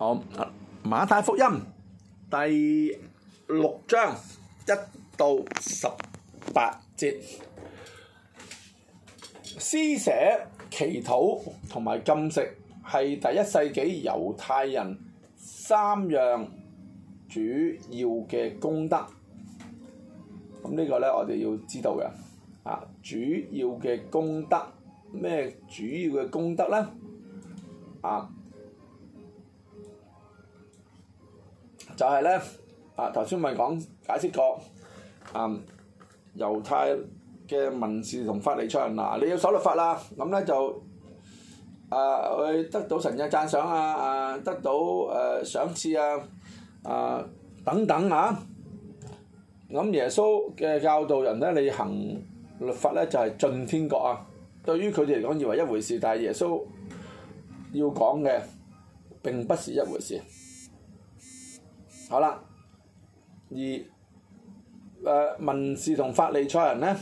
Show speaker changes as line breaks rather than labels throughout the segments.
好，馬太福音第六章一到十八節，施捨、祈禱同埋禁食係第一世紀猶太人三樣主要嘅功德。咁、嗯這個、呢個咧，我哋要知道嘅，啊，主要嘅功德咩？主要嘅功德咧，啊。就係咧，啊頭先咪講解釋過，嗯猶太嘅文字同法理出人，嗱你要守律法啦，咁咧就啊去得到神嘅讚賞啊，啊得到誒、啊、賞賜啊，啊等等嚇、啊，咁、嗯、耶穌嘅教導人咧，你行律法咧就係、是、進天國啊，對於佢哋嚟講以為一回事，但係耶穌要講嘅並不是一回事。好啦，而誒、呃、文士同法利賽人咧，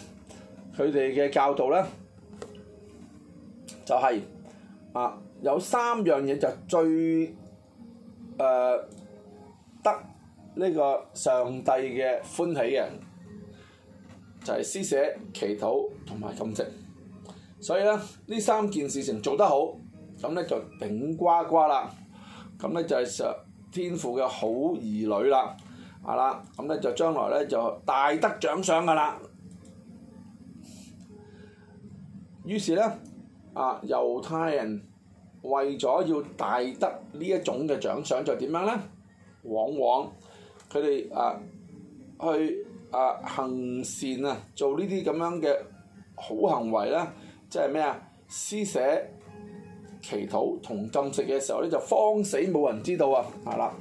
佢哋嘅教導咧，就係、是、啊有三樣嘢就最誒、呃、得呢個上帝嘅歡喜嘅，就係施捨、祈禱同埋感謝。所以咧，呢三件事情做得好，咁咧就頂呱呱啦。咁咧就係、是、上天父嘅好兒女啦，係啦，咁咧就將來咧就大得獎賞噶啦。於是咧，啊猶太人為咗要大得呢一種嘅獎賞，就點樣咧？往往佢哋啊去啊行善啊，做呢啲咁樣嘅好行為咧，即係咩啊？施捨。祈禱同禁食嘅時候咧，就慌死冇人知道啊！係啦，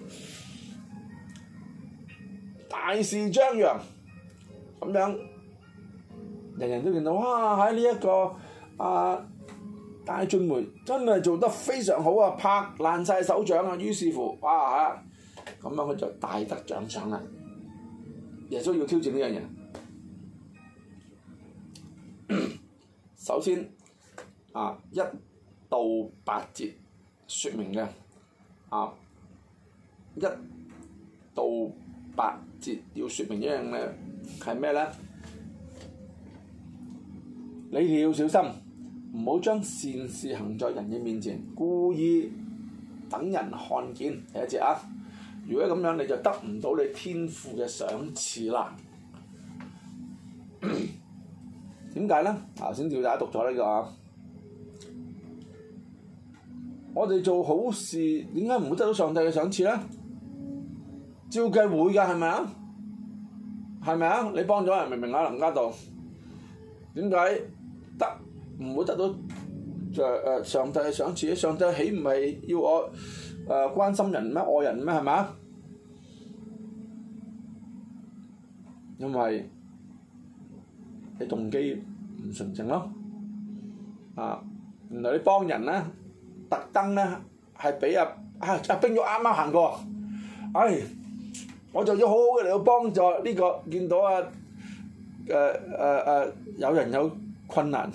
大事張揚咁樣，人人都見到哇！喺呢一個阿戴、啊、俊梅真係做得非常好啊，拍爛晒手掌啊！於是乎，哇嚇，咁樣佢就大得獎賞啦！耶穌要挑戰呢樣嘢，首先啊一。到八節説明嘅，啊一到八節要説明一樣嘅係咩咧？你哋要小心，唔好將善事行在人嘅面前，故意等人看見，第一節啊！如果咁樣你就得唔到你天父嘅賞賜啦。點解咧？頭先叫大家讀咗呢、這個。我哋做好事，點解唔會得到上帝嘅賞賜咧？照計會㗎，係咪啊？係咪啊？你幫咗人，明唔明啊？林家棟，點解得唔會得到誒誒上帝嘅賞賜咧？上帝起唔係要我誒關心人咩？愛人咩？係咪啊？因為你動機唔純正咯。啊，原來你幫人咧。特登咧係畀啊啊阿、啊、冰玉啱啱行過，唉、哎，我就要好好嘅嚟到幫助呢、這個見到啊誒誒誒有人有困難，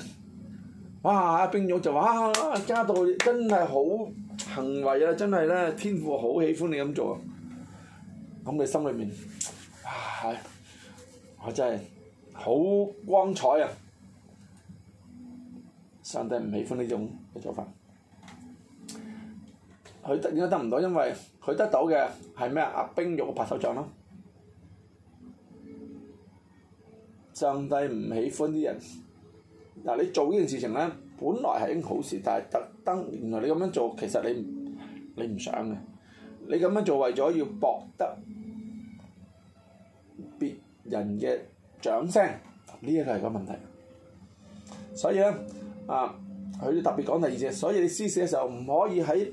哇！阿冰玉就話啊，家道真係好行為啊，真係咧，天父好喜歡你咁做，咁你心裏面啊係、哎，我真係好光彩啊！上帝唔喜歡呢種嘅做法。佢得應該得唔到，因為佢得到嘅係咩啊？壓冰玉嘅拍手掌咯。上帝唔喜歡啲人。嗱，你做呢件事情咧，本來係一件好事，但係特登原來你咁樣做，其實你你唔想嘅。你咁樣做為咗要博得別人嘅掌聲，呢一個係個問題。所以咧，啊，佢特別講第二隻，所以你施捨嘅時候唔可以喺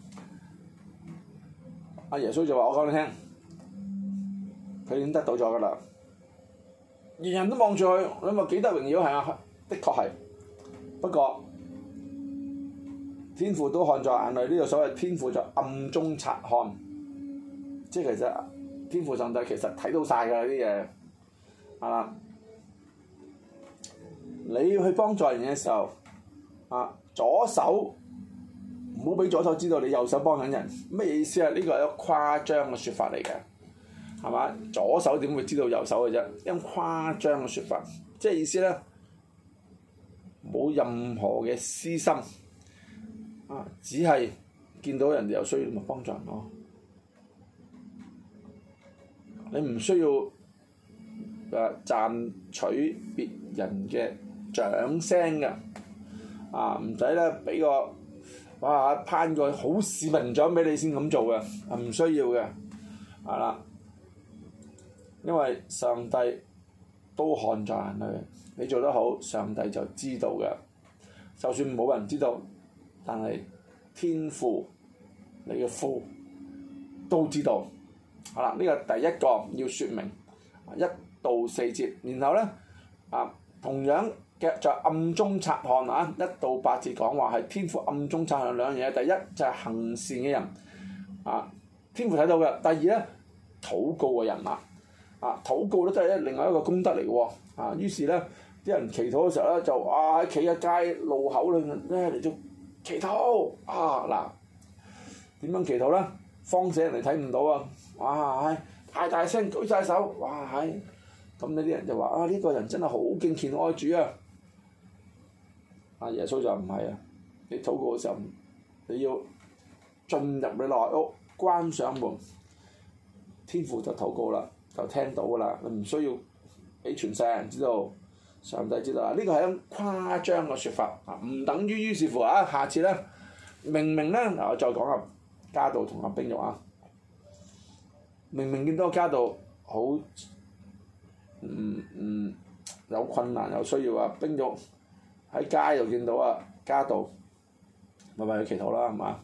阿耶穌就話：我講你聽，佢已經得到咗㗎啦，人人都望住佢，你咪幾得榮耀係啊，的確係，不過天父都看在眼內，呢個所謂天父就暗中察看，即係其實天父上帝其實睇到曬㗎啲嘢，係喇。你要去幫助人嘅時候，啊左手。唔好俾左手知道你右手幫緊人，咩意思啊？呢個係一個誇張嘅説法嚟嘅，係嘛？左手點會知道右手嘅啫？一誇張嘅説法，即係意思咧，冇任何嘅私心，啊，只係見到人哋有需要咪幫助人咯。你唔需要誒賺取別人嘅掌聲㗎，啊，唔使咧俾個。哇！攀個好市民獎俾你先咁做嘅，係唔需要嘅，係啦。因為上帝都看在眼裏，你做得好，上帝就知道嘅。就算冇人知道，但係天父、你嘅父都知道。好啦，呢、這個第一個要説明一到四節，然後咧，啊，同樣。就暗中察看啊，一到八節講話係天父暗中察看兩樣嘢。第一就係、是、行善嘅人，啊，天父睇到嘅。第二咧，禱告嘅人啊，啊禱告咧都係另外一個功德嚟喎。啊，於是咧啲人祈禱嘅時候咧就啊喺企喺街路口裏面咧嚟做祈禱。啊嗱，點樣祈禱咧？方死人哋睇唔到啊！哇係太大聲舉晒手哇係，咁呢啲人就話啊呢、這個人真係好敬虔愛主啊！阿耶穌就唔係啊！你禱告嘅時候，你要進入你內屋，關上門，天父就禱告啦，就聽到啦，你唔需要俾全世界人知道上帝知道啊！呢個係一種誇張嘅説法啊，唔等於於是乎啊，下次咧明明咧，嗱我再講下家道同阿冰玉啊，明明見到家道好嗯嗯有困難有需要啊，冰玉。喺街度見到、就是、啊，街道，咪咪去祈禱啦，係嘛？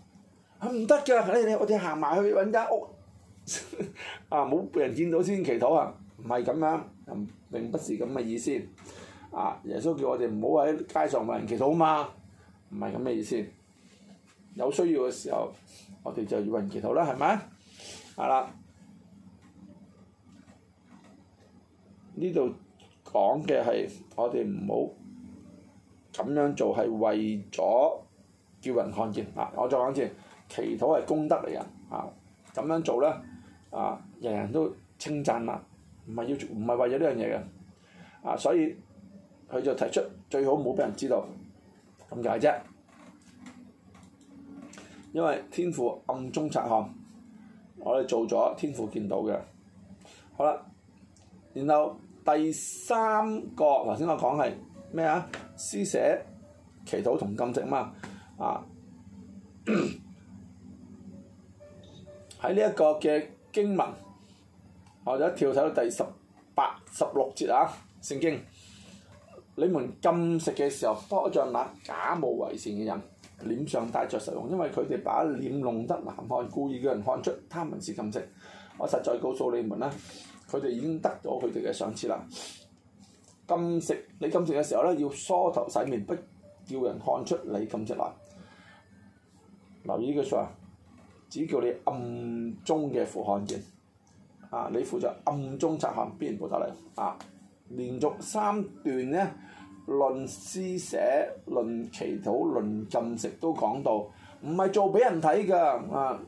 唔得㗎，你，你我哋行埋去搵間屋， 啊，冇畀人見到先祈禱啊，唔係咁樣，並不是咁嘅意思。啊，耶穌叫我哋唔好喺街上為人祈禱嘛，唔係咁嘅意思。有需要嘅時候，我哋就要為人祈禱啦，係咪？係啦。呢度講嘅係我哋唔好。咁樣做係為咗叫人看見啊！我再講一次，祈禱係功德嚟啊！啊，咁樣做咧啊，人人都稱讚啦，唔係要唔係為咗呢樣嘢嘅啊！所以佢就提出最好冇俾人知道，咁解啫。因為天父暗中察看，我哋做咗天父見到嘅。好啦，然後第三個頭先我講係咩啊？施捨、祈禱同禁食嘛，啊！喺呢一個嘅經文，我哋一跳睇到第十八、十六節啊，聖經。你們禁食嘅時候，多像那假冒為善嘅人，臉上帶着愁容，因為佢哋把臉弄得難看，故意叫人看出他們是禁食。我實在告訴你們啦，佢哋已經得到佢哋嘅賞賜啦。禁食，你禁食嘅時候咧，要梳頭洗面，不叫人看出你禁食來。留意呢句說話，只叫你暗中嘅父看見。啊，你父在暗中察看，必然報答你。啊？連續三段呢，論施捨、論祈禱、論禁食，論禁食都講到，唔係做俾人睇㗎。啊，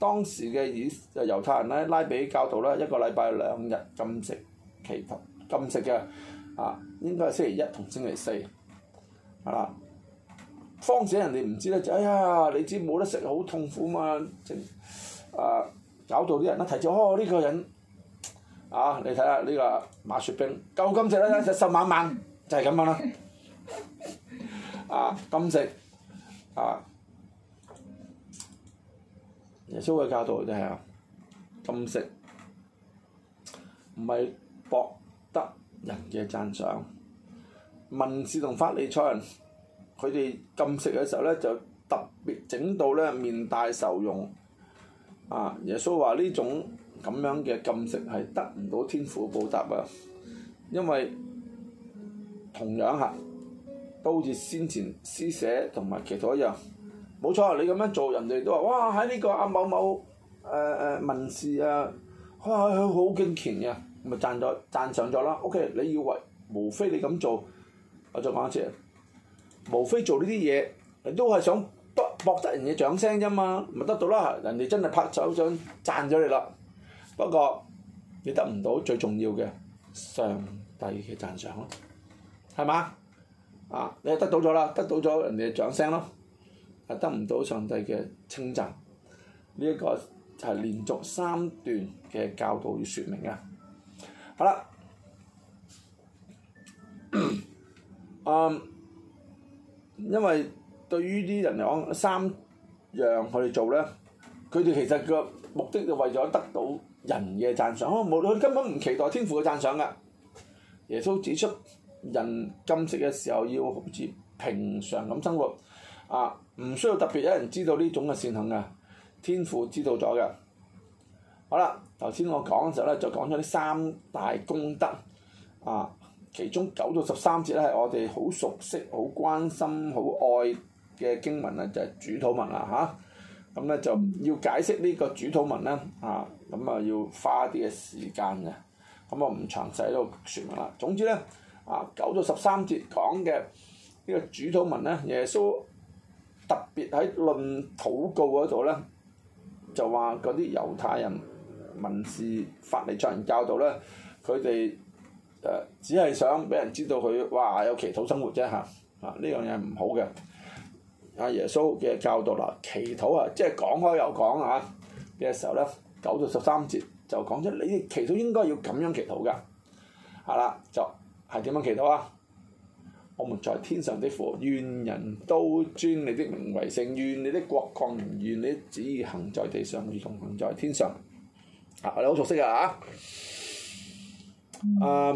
當時嘅以啊猶太人咧，拉比教徒咧，一個禮拜兩日禁食祈禱禁食嘅。啊，應該係星期一同星期四，啊，慌死人哋唔知咧，就哎呀，你知冇得食好痛苦嘛，正啊，搞到啲人一睇住，哦呢、這個人，啊，你睇下呢個馬雪冰夠禁食啦，食十萬萬就係、是、咁樣啦，啊，禁食，啊，耶穌嘅教導就係啊，禁食，唔係博得。人嘅讚賞，文士同法利賽人，佢哋禁食嘅時候咧，就特別整到咧面帶愁容。啊！耶穌話呢種咁樣嘅禁食係得唔到天父報答啊，因為同樣嚇，都好似先前施捨同埋祈禱一樣，冇錯啊！你咁樣做，人哋都話：哇！喺呢個啊某某誒誒文士啊，佢佢佢好敬虔嘅。咪讚咗讚賞咗啦。O.K.，你以為無非你咁做，我再講一次，無非做呢啲嘢，你都係想得博得人嘅掌聲啫嘛，咪得到啦？人哋真係拍手掌讚咗你啦。不過你得唔到最重要嘅上帝嘅讚賞咯，係嘛？啊，你得到咗啦，得到咗人哋嘅掌聲咯，係得唔到上帝嘅稱讚。呢、這、一個就係連續三段嘅教導要説明啊！好啦，啊、嗯，因為對於啲人嚟講，三樣佢哋做咧，佢哋其實個目的就為咗得到人嘅讚賞。哦，無論佢根本唔期待天父嘅讚賞㗎。耶穌指出，人禁食嘅時候要好似平常咁生活，啊，唔需要特別有人知道呢種嘅善行㗎，天父知道咗嘅。好啦，頭先我講嘅時候咧，就講咗呢三大功德啊，其中九到十三節咧係我哋好熟悉、好關心、好愛嘅經文啊，就係、是、主禱文啦嚇。咁咧就要解釋呢個主禱文咧，啊，咁、嗯、啊、嗯、要花啲嘅時間嘅，咁啊唔詳細喺度説話啦。總之咧，啊九到十三節講嘅呢個主禱文咧，耶穌特別喺論禱告嗰度咧，就話嗰啲猶太人。文士法利賽人教導咧，佢哋誒只係想俾人知道佢哇有祈禱生活啫嚇啊！呢樣嘢唔好嘅。阿耶穌嘅教導啦，祈禱說說啊，即係講開又講啊嘅時候咧，九到十三節就講出你祈禱應該要咁樣祈禱㗎。係、啊、啦，就係點樣祈禱啊？我們在天上的父，願人都尊你的名為聖，願你的國降臨，願你旨意行在地上如同行在天上。啊！我哋好熟悉嘅嚇、啊，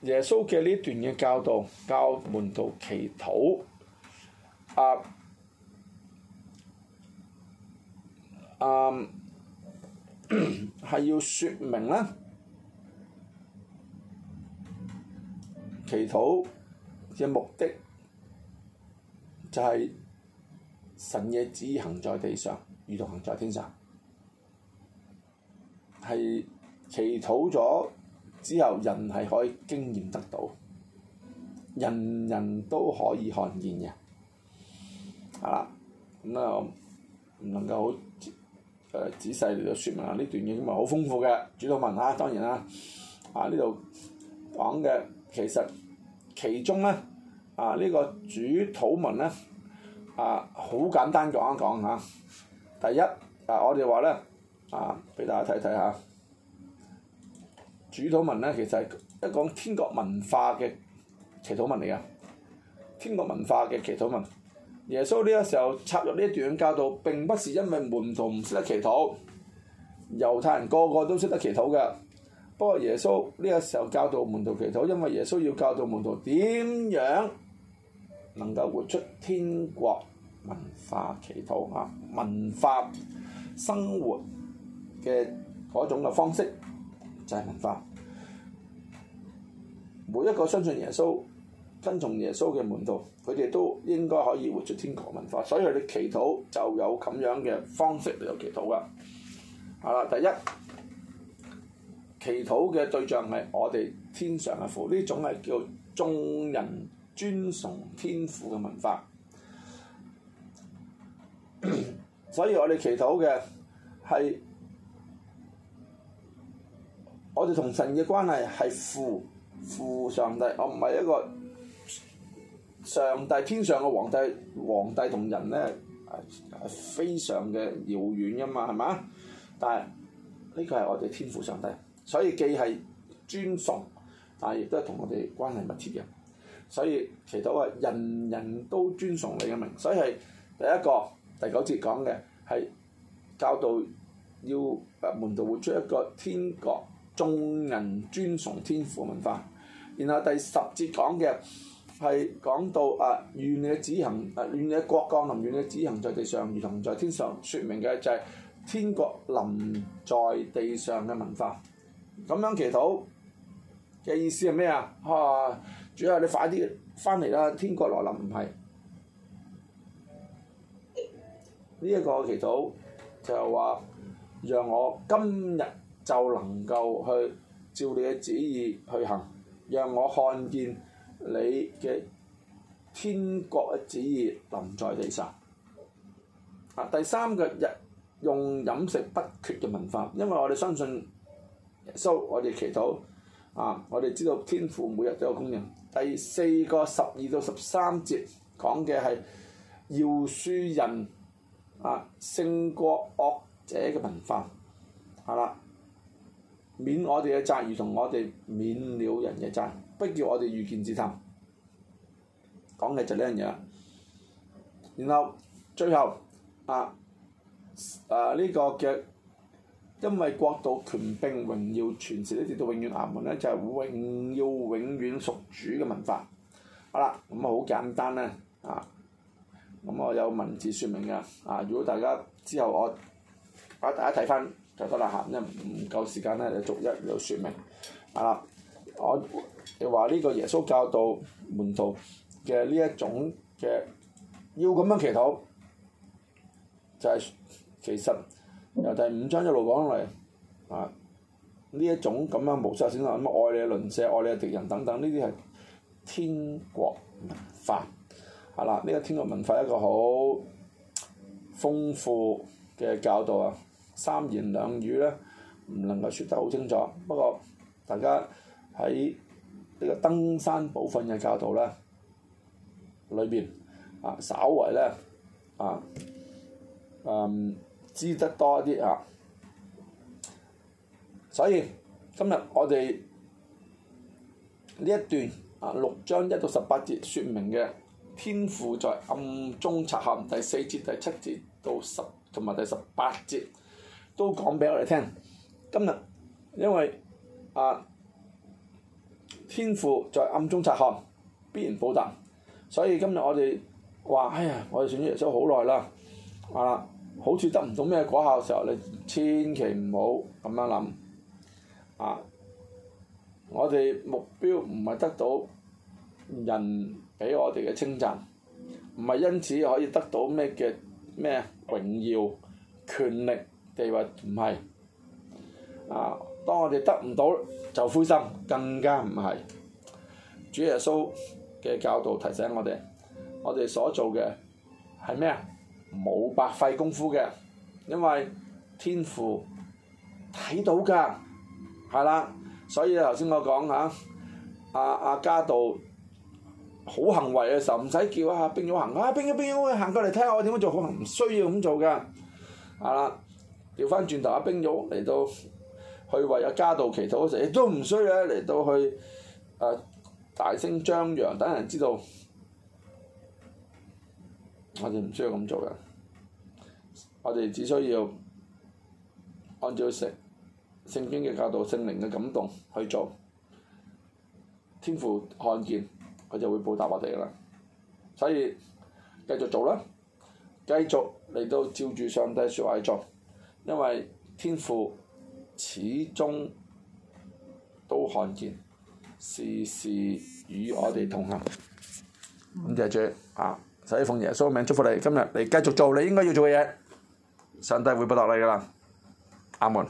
耶穌嘅呢段嘅教導，教門徒祈禱，啊，誒、啊、係要説明咧、啊、祈禱嘅目的就係神嘅旨意行在地上，如同行在天上。係祈禱咗之後，人係可以經驗得到，人人都可以看見嘅，係啦，咁啊唔能夠好誒仔細嚟到説明下呢段嘢咪好豐富嘅主禱文啊，當然啦，啊呢度講嘅其實其中咧啊呢、這個主禱文咧啊好簡單講一講嚇、啊，第一啊我哋話咧。啊！俾大家睇睇吓，主禱文咧，其實係一講天國文化嘅祈禱文嚟㗎。天國文化嘅祈禱文，耶穌呢個時候插入呢一段教導，並不是因為門徒唔識得祈禱，猶太人個個都識得祈禱嘅。不過耶穌呢個時候教導門徒祈禱，因為耶穌要教導門徒點樣能夠活出天國文化祈禱啊，文化生活。嘅嗰種嘅方式就係、是、文化。每一個相信耶穌、跟從耶穌嘅門徒，佢哋都應該可以活出天國文化。所以佢哋祈禱就有咁樣嘅方式嚟到祈禱噶。係啦，第一祈禱嘅對象係我哋天上嘅父，呢種係叫眾人尊崇天父嘅文化。 所以我哋祈禱嘅係。我哋同神嘅關係係父父上帝，我唔係一個上帝天上嘅皇帝。皇帝同人咧係非常嘅遙遠噶嘛，係嘛？但係呢、這個係我哋天父上帝，所以既係尊崇，但係亦都係同我哋關係密切嘅。所以祈禱話人人都尊崇你嘅名，所以係第一個第九節講嘅係教導要誒門徒活出一個天國。眾人尊崇天父文化，然後第十節講嘅係講到啊，願你嘅子行啊，願你嘅國降臨，願你嘅子行在地上如同在天上，說明嘅就係、是、天國臨在地上嘅文化。咁樣祈禱嘅意思係咩啊？啊，主要係你快啲翻嚟啦！天國來臨唔係呢一個祈禱，就係話讓我今日。就能夠去照你嘅旨意去行，讓我看見你嘅天國嘅旨意臨在地上。啊，第三個日用飲食不缺嘅文化，因為我哋相信耶穌，so, 我哋祈禱啊，我哋知道天父每日都有供應。第四個十二到十三節講嘅係饒恕人啊、勝過惡者嘅文化，係啦。免我哋嘅責，如同我哋免了人嘅責，不叫我哋遇見試探。講嘅就呢樣嘢。然後最後啊，啊呢、這個嘅，因為國度權柄榮耀傳承呢直到永遠亞門咧，就係榮耀永遠屬主嘅文化。好啦，咁啊好簡單啊，啊，咁我有文字説明嘅。啊，如果大家之後我，啊大家睇返。就得啦，嚇！因為唔夠時間咧，就逐一有説明。啊，我你話呢個耶穌教導門徒嘅呢一種嘅要咁樣祈禱，就係其實由第五章一路講嚟，啊呢一種咁樣無差別性咁樣愛你嘅鄰舍、愛你嘅敵人等等，呢啲係天國文化。係、嗯、啦，呢個天國文化一個好豐富嘅教導啊！三言兩語咧，唔能夠説得好清楚。不過大家喺呢個登山部分嘅教導咧，裏邊啊，稍為咧啊、嗯、知得多啲啊。所以今日我哋呢一段啊六章一到十八節，説明嘅天父在暗中察看，第四節、第七節到十同埋第十八節。都講俾我哋聽。今日因為啊，天父在暗中察看，必然報答，所以今日我哋話：哎呀，我哋選咗好耐啦。啊，好似得唔到咩果效嘅時候，你千祈唔好咁樣諗。啊，我哋目標唔係得到人俾我哋嘅稱讚，唔係因此可以得到咩嘅咩榮耀、權力。地位唔係啊！當我哋得唔到就灰心，更加唔係。主耶穌嘅教導提醒我哋，我哋所做嘅係咩啊？冇白費功夫嘅，因為天父睇到㗎，係啦。所以頭先我講吓，阿阿加道好行為嘅時候，唔使叫啊兵勇行啊兵勇兵勇，行過嚟睇下我點樣做可能，唔需要咁做㗎，係啦。調翻轉頭阿冰玉嚟到去為阿家道祈禱嗰時，亦都唔需要嚟到去誒、呃、大聲張揚，等人知道。我哋唔需要咁做嘅，我哋只需要按照聖聖經嘅教導、聖靈嘅感動去做，天父看見佢就會報答我哋啦。所以繼續做啦，繼續嚟到照住上帝説話去做。因為天父始終都看見，時時與我哋同行。咁就、嗯、謝啊！所以奉耶穌名祝福你，今日你繼續做你應該要做嘅嘢，上帝會報答你噶啦。阿門。